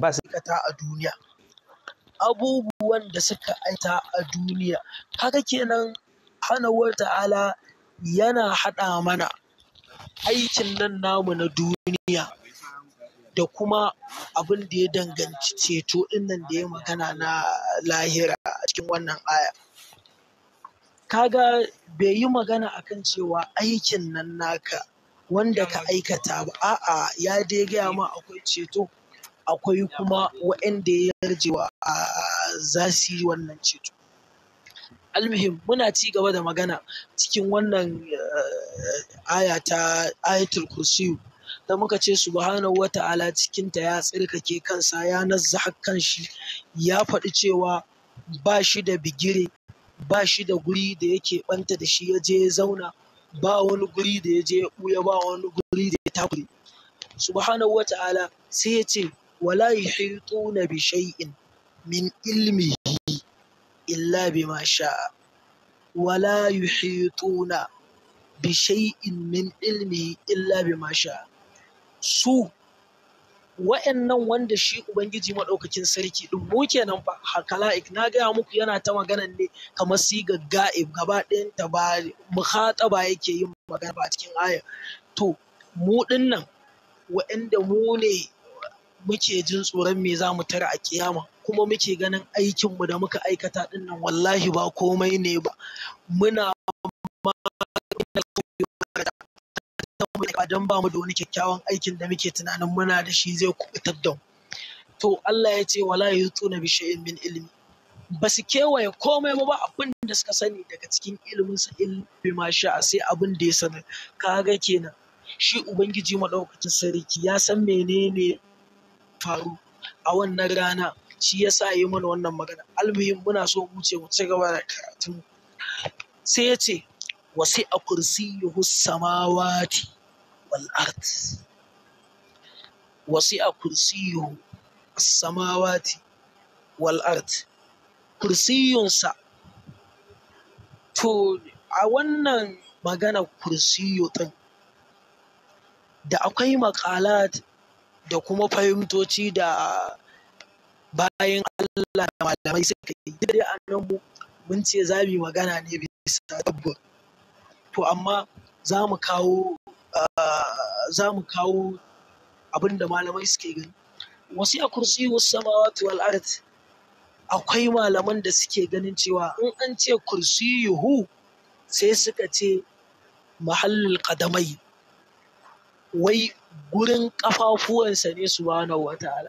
ba su ta a duniya abubuwan da suka aita a duniya kaga kenan hana wata ta'ala yana haɗa mana aikin nan namu na duniya da kuma abin da ya danganci ceto ɗin nan da ya magana na lahira a cikin wannan aya kaga bai yi magana akan cewa aikin nan naka wanda ka aikata ba a'a ya dai gaya ma akwai ceto akwai kuma waɗanda ya yarjewa a za su yi wannan ceto. almuhim muna ci gaba da magana cikin wannan eh, aya ta ayatul kursiyu da muka ce subhanahu wa ta'ala cikinta ya tsirkake kansa ya nazzaha shi, ya faɗi cewa ba shi da bigire ba shi da guri da yake ɓanta da shi ya je ya zauna ba wani guri da ya je ya ɓuya ba wani guri da ya takure subhanahu wa ta'ala sai ya ce ولا يحيطون بشيء من علمه إلا بما شاء ولا يحيطون بشيء من علمه إلا بما شاء su wa'annan wanda shi Ubangiji maɗaukakin sarki ɗin mu kenan fa hakala'ik na gaya muku yana ta magana ne kamar siga ga'ib gaba ɗayan ta ba yake yin magana ba cikin aya to mu ɗin nan wa'anda mu ne muke jin tsoron me za mu tare a kiyama kuma muke ganin aikinmu da muka aikata ɗin nan wallahi ba komai ne ba muna don ba mu da wani kyakkyawan aikin da muke tunanin muna da shi zai kubutar da to Allah ya ce wala yutuna na shay'in min ilmi ba su kewaye komai ba abin da suka sani daga cikin ilimin sa ilmi ma sha sai abin da ya sanar kaga kenan shi ubangiji maɗaukacin sarki ya san menene faru a wannan rana shi ya sa yi mana wannan magana almuhim muna so mu ce mu ci gaba da karatu sai ya ce wasi a kursiyuhu samawati wal ard wasi a kursiyuhu samawati wal ard kursiyunsa to a wannan magana kursiyu din da akwai makalat da kuma fahimtoci da bayan Allah da malamai suka yi da da nan mu mun ce za mu magana ne bisa tabbur to amma za mu kawo ah, za mu kawo abin da malamai suke gani wasu a kursi wasu samawati wal ard akwai malaman da suke ganin cewa in an ce kursi yuhu sai suka ce mahallul kadamai wai gurin ƙafafuwansa ne subhanahu wata'ala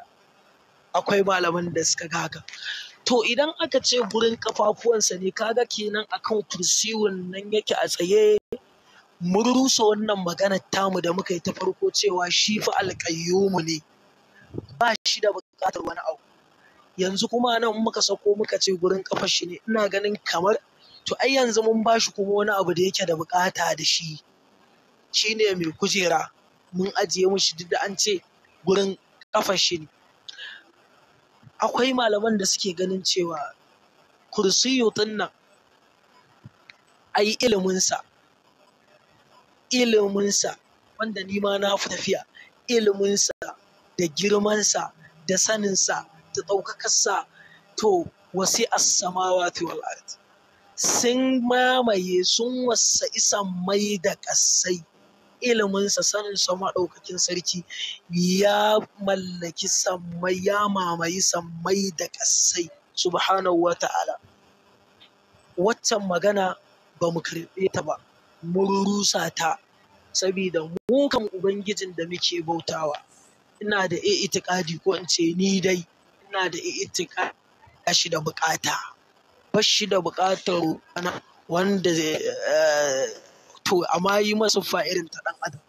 akwai malaman da suka haka to idan aka ce gurin ƙafafuwansa ne kaga kenan akan kursiwun nan yake a tsaye mun rusa wannan maganar tamu da muka yi ta farko cewa shi fa alƙayyumu ne ba shi da buƙatar wani abu yanzu kuma nan muka sako muka ce gurin ƙafar shi ne ina ganin kamar to ai yanzu mun ba shi kuma wani abu da yake da buƙata da shi shine mai kujera mun ajiye mishi duk da an ce gurin kafa shi ne akwai malaman da suke ganin cewa kursiyu din nan a yi iliminsa iliminsa wanda nima ma na tafiya iliminsa da girmansa da saninsa da ɗaukakarsa to wasi asamawa samawati wal ard sun mamaye sun wasa isan mai da ƙasai iliminsa saninsa maɗaukakin sarki ya mallaki sammai ya mamayi sammai da ƙasai subhanahu wa ta'ala waccan magana ba mu karɓe ta ba mu rusa ta saboda mu ubangijin da muke bautawa ina da itikadi ko in ce ni dai ina da i'tiqadi shi da bukata bashi da bukatar wanda eh, to amma yi masa fa’irin ta ɗan adam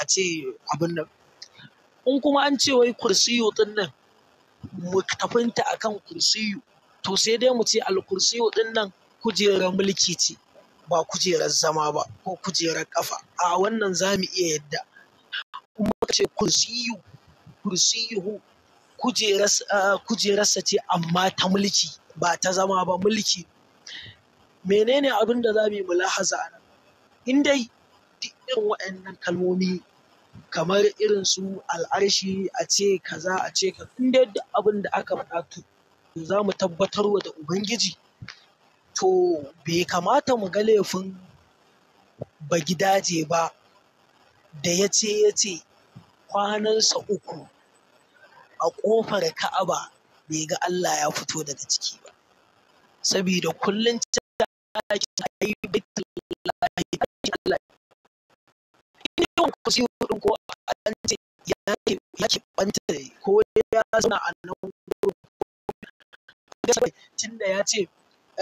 a ce abin nan in kuma an ce wai kursiyu ɗin nan mu tafinta akan kursiyu to sai dai mu ce alkursiyu ɗin nan kujerar mulki ce ba kujerar zama ba ko kujerar kafa a wannan za mu iya yadda kuma ce kursiyu kursiyuhu kujerarsa ce amma ta mulki ba ta zama ba mulki menene abin da za mu yi mulahaza a nan in dai duk irin waɗannan kalmomi kamar irin su al'arshi a ce kaza a ce ka in dai duk abin da aka faɗa to za mu tabbatarwa da ubangiji to bai kamata mu ga laifin bagidaje ba da ya ce ya ce kwanansa uku a ƙofar ka'aba bai ga Allah ya fito daga ciki ba sabida kullum ta ai shi Allah in yawan ku ko ce ya ke ya ko ya zauna a nan gurin gaskiya tunda ya ce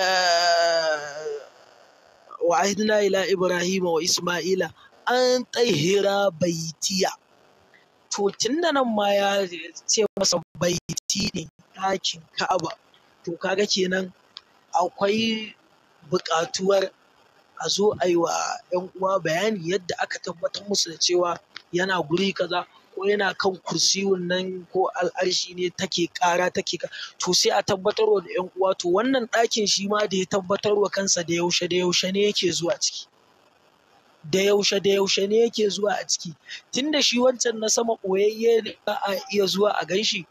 eh, wa ila ibrahim wa isma'ila an hira baitiya to tunda nan ma ya ce masa baiti ne ɗakin ka'aba to kaga kenan akwai buƙatuwar a zo a yi wa 'yan uwa bayani yadda aka tabbatar musu da cewa yana guri kaza ko yana kan kursi nan ko al'arshi ne take kara take to sai a tabbatarwa da 'yan uwa to wannan ɗakin shi ma da ya tabbatarwa kansa da yaushe da yaushe ne yake zuwa ciki da yaushe da yaushe ne yake zuwa a ciki tunda shi wancan na sama ɓoyayye ne ba a iya zuwa a ganshi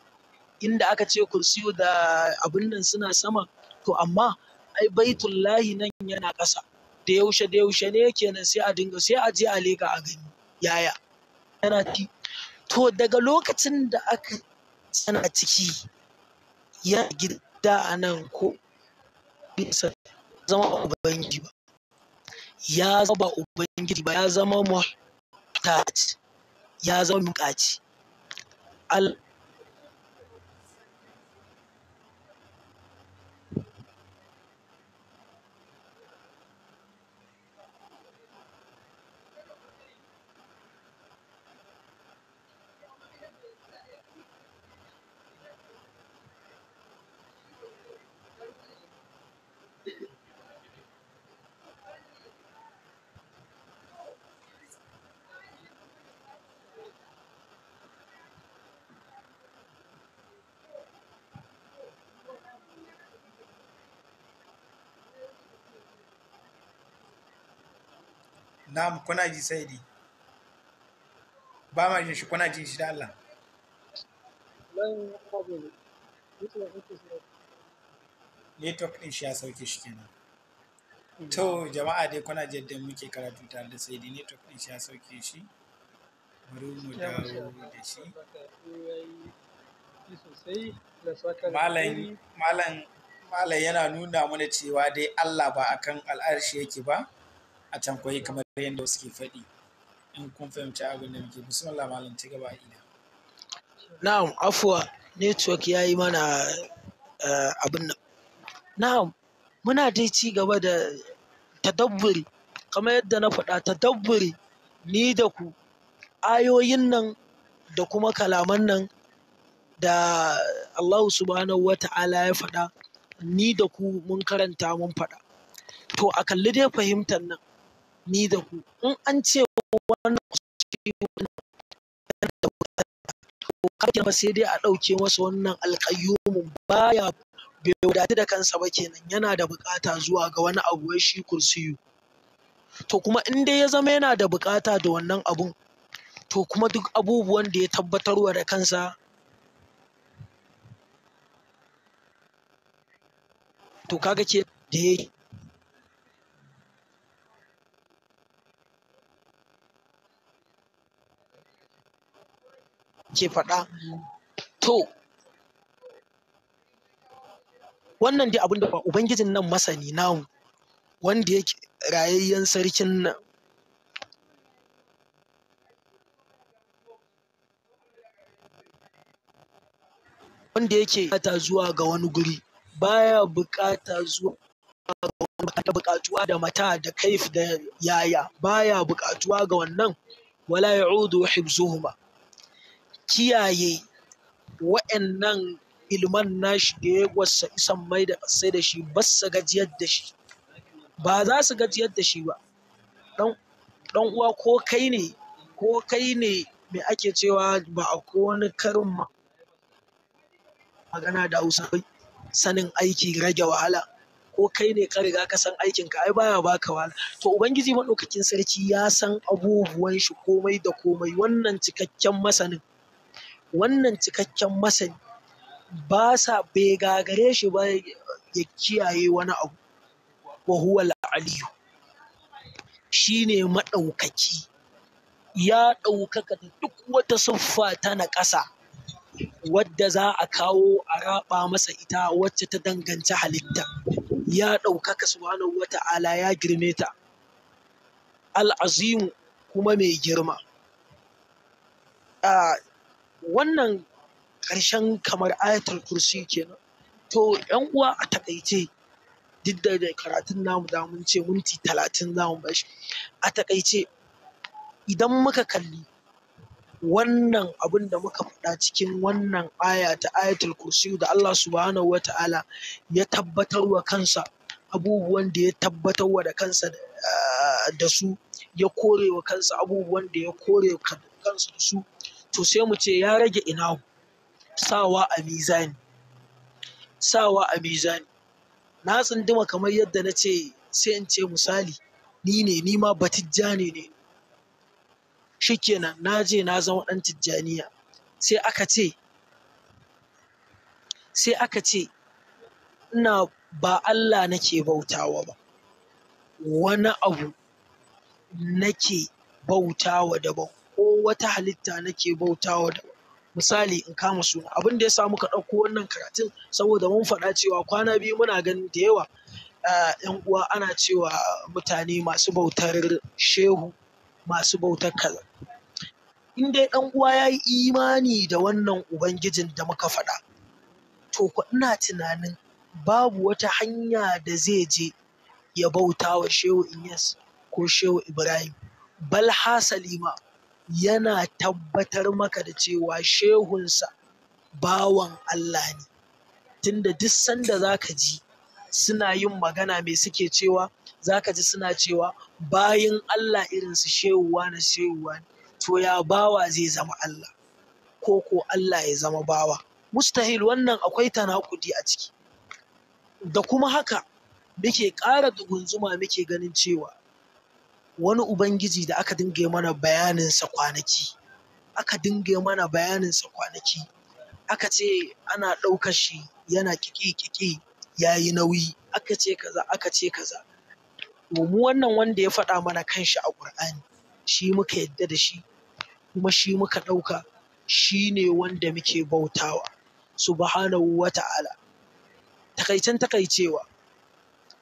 inda aka ce kursi da abin nan suna sama to amma ai baitullahi nan yana ƙasa da yaushe da yaushe ne kenan sai a dinga sai a je a leka a gani yaya yana ti to daga lokacin da aka sana ciki ya gida a nan ko bisa zama ubangiji ba ya zama ubangiji ba ya zama muhtaji ya zama mukaci al Na'am kuna ji sai di. Ba ma jin shi kuna jin shi da Allah. Network ɗin shi ya sauke shi kenan. To jama'a dai kuna ji yadda muke karatu tare da sai di network ɗin shi ya sauke shi. Bari mu dawo da shi. Malam yana nuna mana cewa dai Allah ba akan al'arshi yake ba. a can kwaye kamar yadda suke faɗi in kun fahimci abin da muke bismillah malam ci gaba Ina. na'am afuwa network ya yi mana eh, abin nan na'am muna dai ci gaba da tadabburi kamar yadda na faɗa tadabburi ni da ku ayoyin nan da kuma kalaman nan da Allah subhanahu wa ta'ala ya faɗa ni da ku mun karanta mun faɗa to a kalli dai fahimtar nan ni da ku in an ce wannan kafin ba sai dai a ɗauke masa wannan alƙayyumin baya bai wadatu da kansa ba kenan yana da buƙata zuwa ga wani abu ya shi kursiyu to kuma in dai ya zama yana da buƙata da wannan abun to kuma duk abubuwan da ya tabbatarwa da kansa to kaga ke da yake ke faɗa to wannan dai abin da ba ubangijin nan masani namu wanda yake rayayyen sarkin nan wanda yake bukata zuwa ga wani guri baya bukata zuwa ga wani bukatuwa da mata da kaif da yaya baya bukatuwa ga wannan wala ya'udu hibzuhuma kiyaye wa'annan ilman nashi da ya wasa isan mai da sai da shi ba su gajiyar da shi ba za su gajiyar da shi ba dan uwa ko kai ne ko kai ne mai ake cewa ba a wani karin magana da hausa sanin aiki rage wahala ko kai ne ka riga ka san aikin ka ai baya baka wahala to ubangiji madaukakin sarki ya san abubuwan shi komai da komai wannan cikakken masanin wannan cikakken masani ba sa bai gagare shi ba ya kiyaye wani abu wa huwa aliyu shi ne maɗaukaki ya ɗaukaka da duk wata siffa ta na ƙasa wadda za a kawo a raba masa ita wacce ta danganci halitta ya ɗaukaka subhanahu Wata Ala ya girme ta al'azimu kuma mai girma ah, wannan ƙarshen kamar ayatul kursi kenan to yan uwa a takaice duk da karatun namu da mun ce minti talatin za mu bashi a takaice idan muka kalli wannan abin da muka faɗa cikin wannan aya ta ayatul kursi da Allah subhanahu wata'ala ya tabbatar wa kansa abubuwan da ya tabbatar wa da kansa eh, da su ya kore wa kansa abubuwan da ya kore kansa da su to sai mu ce ya rage ina sawa a mizani sawa a mizani na tsunduma kamar yadda na ce sai in ce misali ni ne ni ma batijjani ne shikenan na je na zama ɗan tijjaniya sai aka ce sai aka ce ina ba Allah nake bautawa ba wani abu nake bautawa daban ko wata halitta nake bautawa da misali in kama suna abin da ya sa muka ɗauko wannan karatun saboda mun faɗa cewa kwana biyu muna ganin da yawa yan ah, uwa ana cewa mutane masu bautar shehu masu bautar kaza in dai ɗan uwa ya yi imani da wannan ubangijin da muka faɗa to ina tunanin babu wata hanya da zai je ya bauta wa shehu inyas ko shehu ibrahim bal hasali ma yana tabbatar maka da cewa shehunsa bawan Allah ne tunda duk sanda za ka ji suna yin magana mai suke cewa za ka ji suna cewa bayan Allah irin su shehuwa na shehuwa to ya bawa zai zama Allah ko ko Allah ya zama bawa mustahil wannan akwai tanakudi a ciki da kuma haka muke ƙara dugunzuma muke ganin cewa wani ubangiji da aka dinga mana bayaninsa kwanaki aka dinga mana bayaninsa kwanaki aka ce ana ɗaukar shi yana kiki-kiki ya yi nauyi aka ce kaza aka ce kaza mu wannan wanda ya faɗa mana kan shi a ƙur'ani shi muka yadda da shi kuma shi muka ɗauka shi ne wanda muke bautawa subhanahu wa ta'ala takaicen takaicewa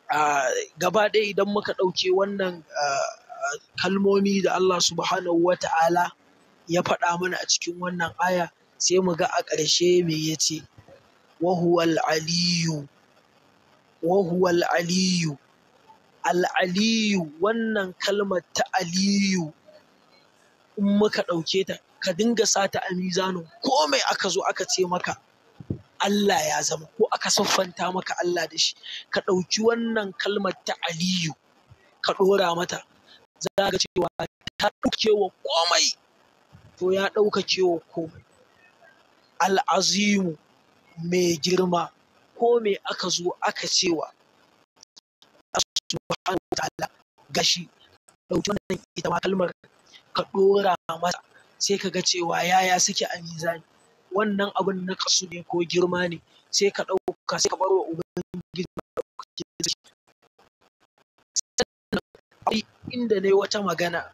ah, gaba ɗaya idan muka ɗauke wannan ah, kalmomi da Allah subhanahu wa ta'ala ya faɗa mana a cikin wannan aya sai mu ga a ƙarshe me ya ce wahuwal aliyu wahuwal aliyu al'aliyu wannan kalmar ta aliyu in muka ɗauke ta ka dinga sata a mizanin ko mai aka zo aka ce maka Allah ya zama ko aka siffanta maka Allah da shi ka ɗauki wannan kalmar ta aliyu ka ɗora mata za ga cewa ta ɗaukewa komai to ya ɗaukakewa komai al'azimu mai girma ko me aka zo aka cewa subhanahu ta'ala gashi ɗauki wannan ita ma kalmar ka ɗora masa sai ka ga cewa yaya suke a mizani wannan abun na kasu ne ko girma ne sai ka ɗauka sai ka barwa ubangiji inda ne wata magana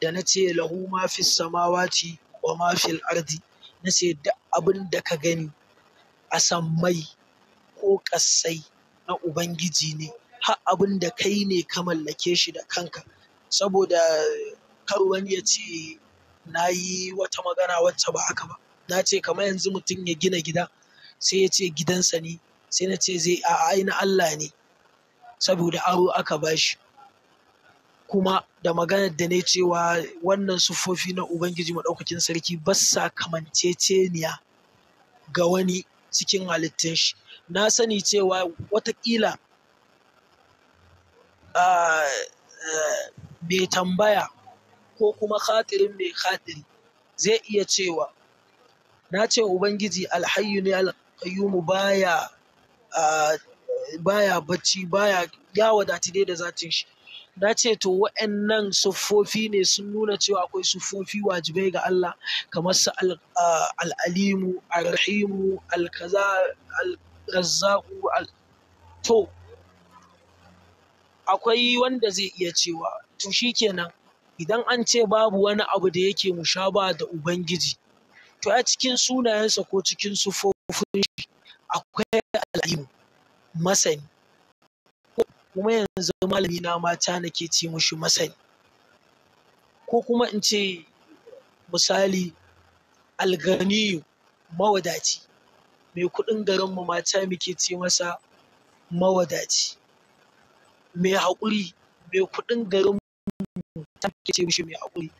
da na ce lahu ma fi samawati wa ma fi ardi na ce da abin da ka gani a sammai ko kasai na ubangiji ne har abin da kai ne ka mallake shi da kanka saboda kar wani ya ce na yi wata magana wacce ba haka ba na ce kamar yanzu mutum ya gina gida sai ya ce gidansa ne sai na ce zai a na Allah ne saboda aro aka bashi kuma da maganar da ne cewa wannan sufofi na Ubangiji Maɗaukakin Sarki ba sa kamanceceniya ga wani cikin halittun shi. Na sani cewa watakila mai tambaya ko kuma khatirin mai khatiri zai iya cewa na ce Ubangiji alhayyu ne alkayyumu baya baya bacci baya ya wadati dai da zatin shi na ce to wa'annan siffofi ne sun nuna cewa akwai siffofi wajibai ga Allah kamar su al'alimu alrahimu alkaza alrazzaku to akwai wanda zai iya cewa to shi kenan idan an ce babu wani abu da yake mushaba da ubangiji to a cikin sunayensa ko cikin sufofin shi akwai al'alimu masani kuma yanzu malami na mata nake ce mushi masani ko kuma in ce misali alganiyu mawadaci mai kuɗin garinmu mata muke ce masa mawadaci mai haƙuri mai kuɗin garinmu mata muke ce mushi mai haƙuri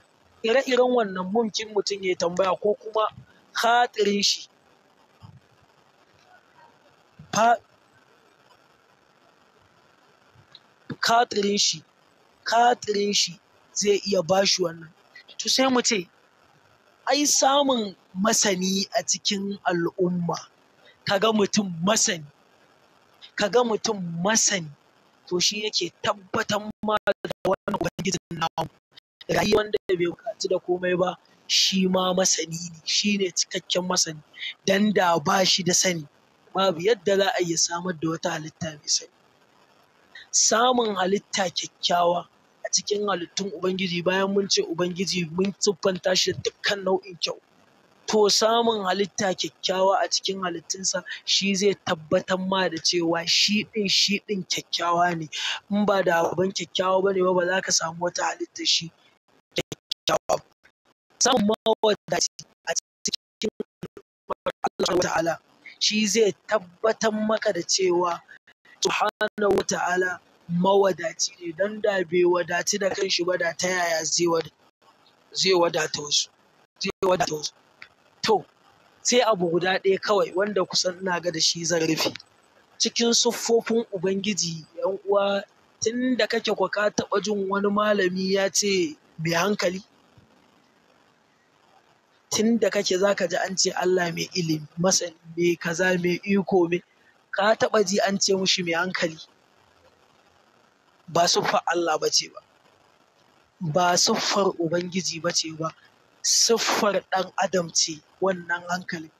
ire-iren wannan mumkin mutum ya tambaya ko kuma hatirin shi katirin shi katirin shi zai iya bashi wannan to sai mu ce ai samun masani a cikin al'umma kaga mutum masani kaga mutum masani to shi yake tabbatar ma da wannan ubangijin namu rayuwar wanda bai bukaci da komai ba shi ma masani ne shi ne cikakken masani dan da ba shi da sani babu yadda za a iya samar da wata halitta mai sani samun halitta kyakkyawa a cikin halittun Ubangiji bayan mun ce Ubangiji mun siffanta shi da dukkan nau'in kyau. To samun halitta kyakkyawa a cikin halittunsa shi zai tabbatar ma da cewa shi ɗin shi ɗin kyakkyawa ne, in ba da abin kyakkyawa ba ne ba ba za ka samu wata halitta shi kyakkyawa. Samun mawadaci a cikin Allah ta'ala shi zai tabbatar maka da cewa subhanahu wa ta'ala mawadaci ne don da bai wadaci da kanshi ba da ta yaya zai wadata wasu to sai abu guda ɗaya kawai wanda kusan ina ga da shi zarafi cikin siffofin ubangiji yan uwa tun da kake kwaka taɓa jin wani malami ya ce mai hankali tun da kake za ka ji an ce Allah mai ilimi masani mai kaza mai iko mai ka taɓa ji an ce mushi mai hankali ba siffar Allah ba ce ba ba siffar Ubangiji ba ce ba siffar ɗan adam ce wannan hankalin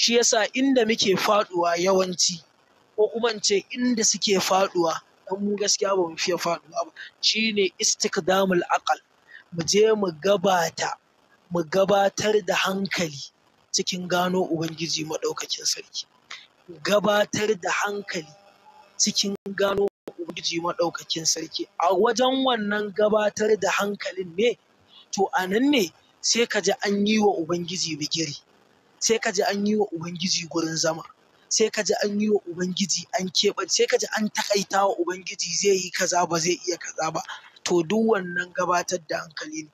shi yasa inda muke faɗuwa yawanci ko kuma in ce inda suke faɗuwa dan mu gaskiya ba mu fiye faɗuwa ba shine istikdamul aqal mu je mu gabata mu gabatar da hankali cikin gano Ubangiji maɗaukakin sarki gabatar da hankali cikin gano Ubangiji maɗaukakin sarki a wajen wannan gabatar da hankalin ne to a nan ne sai ka ji an yi wa Ubangiji bigiri sai ka an yi wa Ubangiji gurin zama sai ka an yi wa Ubangiji an keɓe sai ka an takaita wa Ubangiji zai yi kaza ba zai iya kaza ba to duk wannan gabatar da hankali ne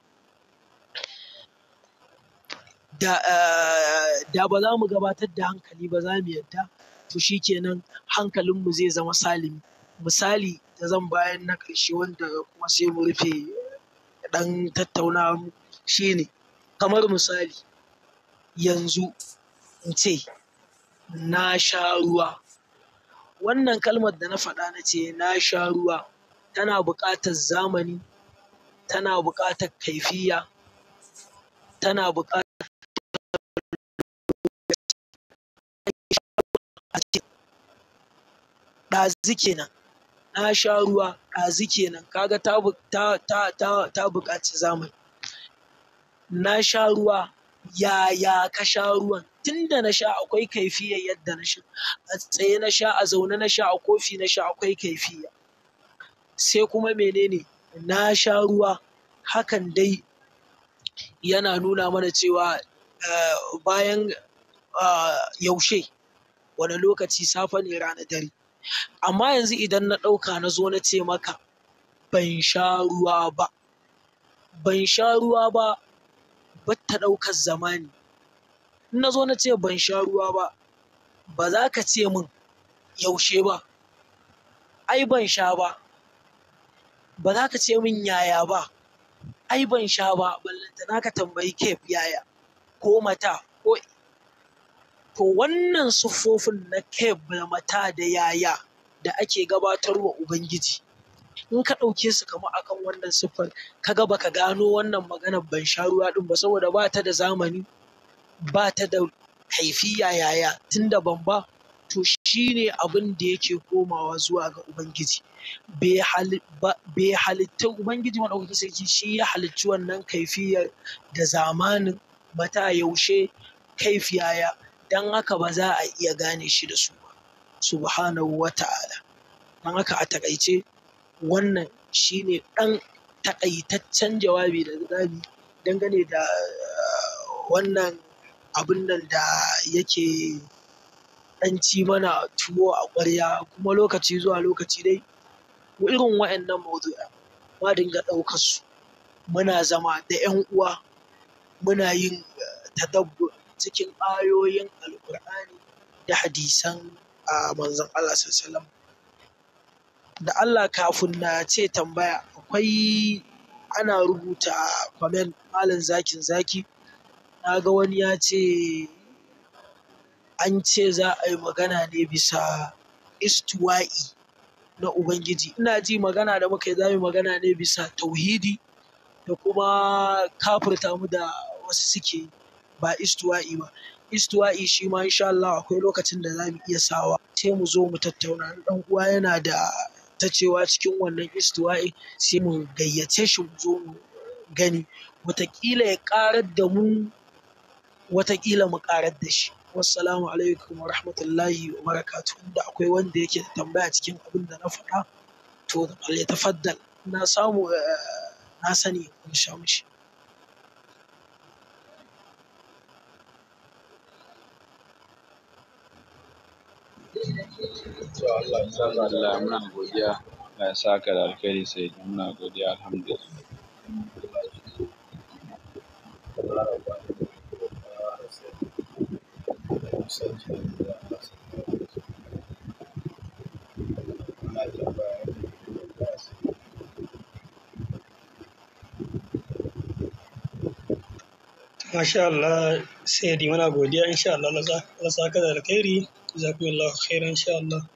da eh, ba za mu gabatar da hankali ba za mu yadda to kenan hankalinmu zai zama salimi misali da zan bayan na ƙarshe wanda kuma sai mu rufe ɗan tattaunawa ne. kamar misali yanzu in ce na sha ruwa wannan kalmar da na faɗa na ce na sha ruwa tana buƙatar zamani tana buƙatar kaifiya tana buƙatar ɗazu kenan na sha ruwa ɗazu kenan kaga ta ta ta buƙaci zamani na sha ruwa yaya ka sha ruwan tunda na sha akwai kaifiya yadda na sha a tsaye na sha a zaune na sha a kofi na sha akwai kaifiya sai kuma menene na sha ruwa hakan dai yana nuna mana cewa eh, bayan ah, yaushe wani lokaci safe ne rana dare amma yanzu idan na ɗauka na zo na ce maka ban sha ruwa ba ban sha ruwa ba batta ɗaukar zamani in na zo na ce ban sha ruwa ba ba za ka ce min yaushe ba ai ban sha ba ba za ka ce min yaya ba ai ban sha ba ballanta na ka tambayi kef yaya ko mata ko To wannan siffofin na na mata da yaya da ake gabatarwa Ubangiji, in ka ɗauke su kama akan wannan siffar, ka ga ka gano wannan maganar ban sha ruwa ɗin ba saboda ba ta da zamani, ba ta da kaifiya yaya tunda ban ba, to shi ne abin da yake komawa zuwa ga Ubangiji. Bai halitta Ubangiji maɗaukakin sarki shi ya halicci wannan kaifiyar da zamanin mata yaushe kaifiyaya. yaya. don haka ba za a iya gane shi da su ba subhanahu wa ta'ala don haka a takaice wannan shine ɗan takaitaccen jawabi da zabi dangane da eh, wannan abin nan da yake ɗanci ci mana tuwo a ƙwarya kuma lokaci zuwa lokaci dai irin wa'annan maudu'a ma dinga ɗaukar su muna zama da 'yan uwa muna yin eh, tadabbur cikin ayoyin Alƙur'ani da hadisan a manzon Allah sallallahu da Allah kafin na ce tambaya akwai ana rubuta kwamen, malam zakin zaki na ga wani ya ce an ce za a yi magana ne bisa istuwa'i na Ubangiji. Ina ji magana da muka yi za mu magana ne bisa tauhidi da kuma kafirta mu da wasu suke yi. ba istuwa'i ba istuwa'i shi ma insha Allah akwai lokacin da za mu iya sawa sai mu zo mu tattauna dan uwa yana da ta cewa cikin wannan istuwa'i sai mu gayyace shi mu zo mu gani wataƙila ya ƙarar da mu wataƙila mu ƙarar da shi wassalamu alaikum wa rahmatullahi wa barakatu da akwai wanda yake tambaya cikin abin da na faɗa to ya tafaddal na samu eh, na sani in sha mishi Allah muna godiya ya da alkhairi muna godiya alhamdulillah Masha Allah Sayyidi muna godiya insha Allah saka da alkhairi jazakumullahu khairan insha Allah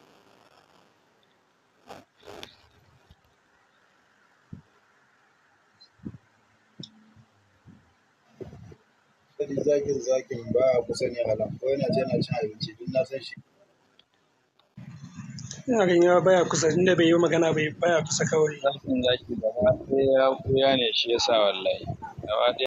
zakin baya kusa ne malam ko yana ce yana cin abinci duk na san shi. Ina ganin baya kusa inda bai yi magana bai baya kusa kawai. Zakin zaki gaba ya kuya ne shi yasa wallahi.